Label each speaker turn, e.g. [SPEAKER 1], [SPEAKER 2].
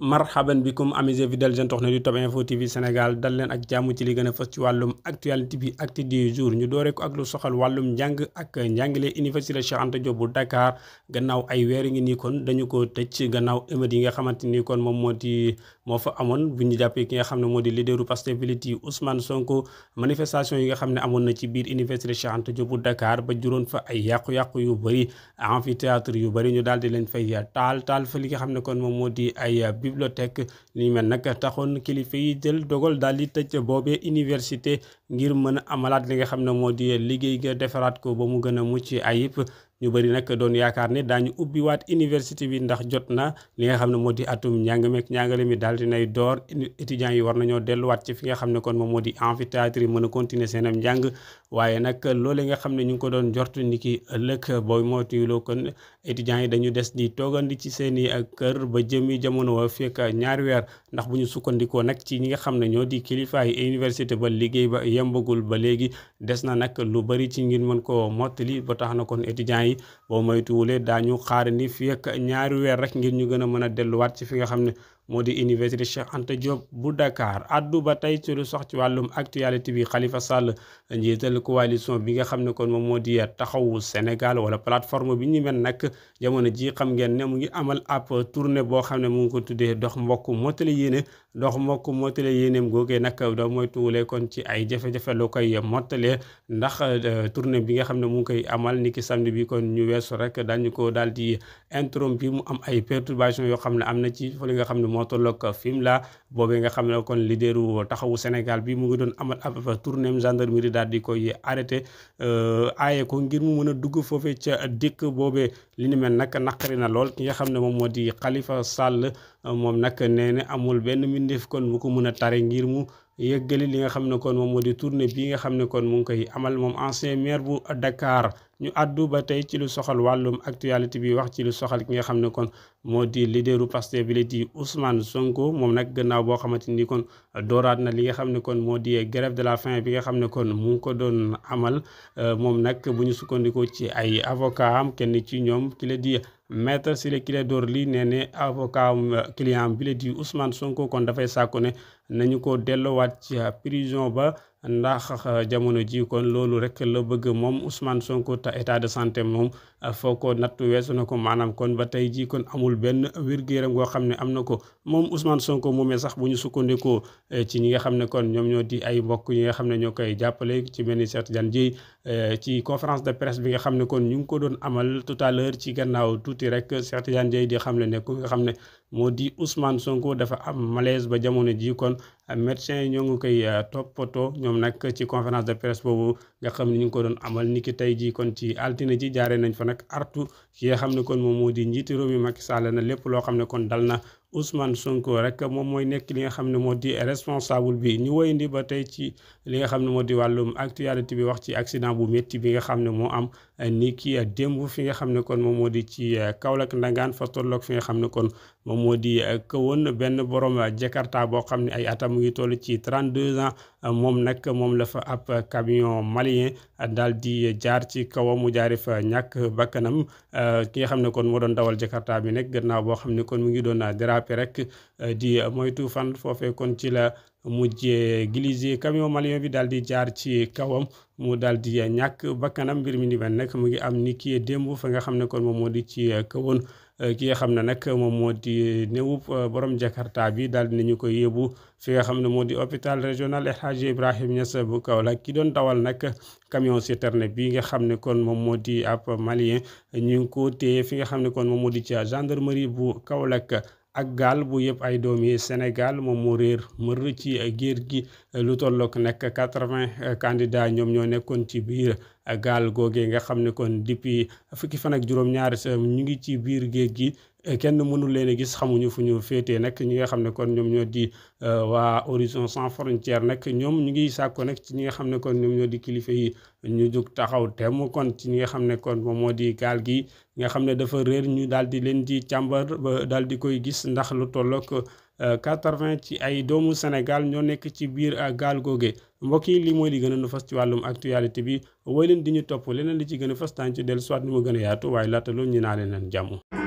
[SPEAKER 1] marhaban bikum amis fidèles jeunes toxna di Topp Info TV Sénégal dal leen ak jàmm ci li gën a fës ci wàllum actualité bi actu du jour ñu doore ko ak lu soxal wàllum njàng ak njàngale université Cheikh Anta Diop bu Dakar gannaaw ay weer ngi nii kon dañu ko tëj gannaaw émeutes yi nga xamante ni kon moom moo di moo fa amoon bu ñu jàppee ki nga xam ne moo di leaderu Pastef yi Ousmane Sonko manifestation yi nga xam ne amoon na ci biir université Cheikh Anta Diop bu Dakar ba juróon fa ay yàqu-yàqu yu bëri amphithéâtre yu bëri ñu daal di leen fay taal taal li nga xam ne kon moom moo di bibliothèque li mel nag taxoon kilifa yi jël dogal daal di tëj boobe université ngir mën a amalaat li nga xam ne moo di liggéey ga defaraat ko ba mu gën a mucc ayib ñu bëri nag doon yaakaar ne daañu ubbiwaat université bi ndax jot na li nga xam ne moo di atum njàng meek njàngale mi daal dinay door étudiants yi war nañoo delluwaat ci fi nga xam ne kon moom moo di amphithéâtre yi mën a continuer seenam njàng waaye nag loole nga xam ne ñu ngi ko doon jort ni ki ëllëg booy mootuyuloo kon étudiants yi dañu des di toogandi ci seeni kër ba jëmi jamono wa ñaari weer ndax bu ñu sukkandikoo nag ci ñi nga xam ne ñoo di kilifa yi université ba liggéey ba yembagul ba léegi des mën ko mottali ba tax na kon étudiants yi yi boo moytuwulee daañu xaarandi fii ak ñaari weer rek ngir ñu gën a mën a delluwaat ci fi nga xam ne moo di université Cheikh Anta Diop bu Dakar addu ba tey ci lu sox ci wàllum actualité bi Khalifa Sall njiital coalition bi nga xam ne kon moom moo di taxawu Sénégal wala plateforme bi ñu mel nag jamono ji xam ngeen ne mu ngi amal ab tournée boo xam ne mu ngi ko tuddee dox mbokk mottali yéene dox mbokk mottali yéeneem googee nag da mooy tuulee kon ci ay jafe-jafe loo koy mottalee ndax euh, tournée bi nga xam ne mu koy amal niki samedi bi kon ñu weesu rek dañu ko daal di interrompre bi mu am ay perturbation yoo xam ne am na ci fa nga xam ne moo tolloog la boobee nga xam ne kon leaderu taxawu Sénégal bi mu ngi doon amal ab tournéem gendarmerie daal di koy arrêté euh, aaye ko ngir mu mën a dugg foofee ca dëkk boobee li ni mel nag naqari na lool ki nga xam ne moom moo di Khalifa Sall moom nag nee na amul benn mbindeef kon bu ko a tare ngir mu yëggali li nga xam ne kon moom moo di tournée bii nga xam ne kon mu ngi koy amal moom ancien maire bu dakaar ñu àddu ba tey ci lu soxal wàllum actualité bi wax ci lu soxal ki nga xam ne kon moo di leaderu Pastef bi la di Ousmane Sonko moom nag gannaaw boo xamante ni kon dooraat na li nga xam ne kon moo di grève de la fin bi nga xam ne kon mu ngi ko doon amal euh, moom nag bu ñu sukkandikoo ci ay avocat am kenn ci ñoom ki la di. maître Ciré Clédor Ly nee ne avocat client bi la di Ousmane Sonko kon dafay sàkku ne nañu ko delloowaat ci prison ba ndax uh, jamono jii kon loolu rek la bëgg moom Ousmane Sonko te état de santé moom uh, foo ko nattu weesu na ko maanaam kon ba tey jii kon amul benn wér gu goo xam ne am na ko moom Ousmane Sonko moomee sax bu ñu sukkandikoo uh, ci ñi nga xam ne kon ñoom ñoo di ay mbokk yi nga xam ne ñoo koy jàppale ci benn Cheikh Tidiane Dièye ci conférence de presse bi nga xam ne kon ñu ngi ko doon amal tout ci gannaaw tuuti rek Cheikh Tidiane Dièye di xam ne nekk nga xam ne moo di Ousmane Sonko dafa am malaise ba jamono jii kon Euh, médecin yi ñoo ngi koy euh, toppatoo ñoom nag ci conférence de presse boobu nga xam ne ñu ngi ko doon amal ni ki tey jii kon ci altine ji jaare nañ fa nag artu ki nga xam ne kon moom moo di njiiti réew mi Macky Sall na lépp loo xam ne kon dal na Ousmane Sonko rek moom mooy nekk li nga xam ne moo di responsable bi ñu woyandi ba tey ci li nga xam ne moo di wàllum actualité bi wax ci accident bu métti bi nga xam ne moo am eh, ni ki eh, démb fi nga xam ne kon moom moo di ci eh, Kaolack Ndangaan fa fi nga xam ne kon moom moo di këwoon benn borom Jakarta boo xam ne ay atam mu ngi toll ci 32 ans moom nag moom la fa ab camion malien daal di jaar ci kawam mu jaaree fa ñàkk bakkanam ki nga xam ne kon moo doon dawal Jakarta bi nag gannaaw boo xam ne kon mu ngi doon dara jàppe rek eh, di moytu fan foofee kon ci la mujjee glissé camion malien bi daal di jaar ci kawam mu daal di ñàkk bakkanam mbir mi ni nag mu ngi am ni kii démb fa nga xam ne kon moom moo di ci eh, kawoon eh, ki nga xam ne nag moom moo di néewub borom Jakarta bi daal di nañu ko yebu fi nga xam ne moo di hôpital régional El Hadji Ibrahim Niass bu Kaolack ki doon dawal nag camion citerne bi nga xam ne kon moom moo di ab malien ñu ko téye fi nga xam ne kon moom moo di ci gendarmerie bu Kaolack. ak gaal bu yëpp ay doom Sénégal moom moo réer mër ci géej gi lu tollook nekk quatre-vingts candidats ñoom ñoo nekkoon ci biir gaal googee nga xam ne kon depuis fukki fan ak juróom-ñaari sa ñu ngi ci biir géej gi kenn mënul leen a gis xamuñu fu ñu féetee nag ñi nga xam ne kon ñoom ñoo di euh, waa Horizon Sans nag ñoom ñu ngi sàkko nag ci ñi nga xam ne kon ñoom ñoo di kilifa yi ñu jug taxaw temm kon ci ñi nga xam ne kon moom moo di gaal gi nga xam ne dafa réer ñu daal di leen di càmbar ba daal di koy gis ndax lu tollook 80 euh, ci ay doomu Sénégal ñoo nekk ci biir euh, gaal googe mbokk yi lii mooy li gën a nu fas ci wàllum actualité bi woy leen di ñu topp leneen li ci gën a fas tànc dellu soit ni mu gën yaatu waaye laata loolu ñu naa leen jàmm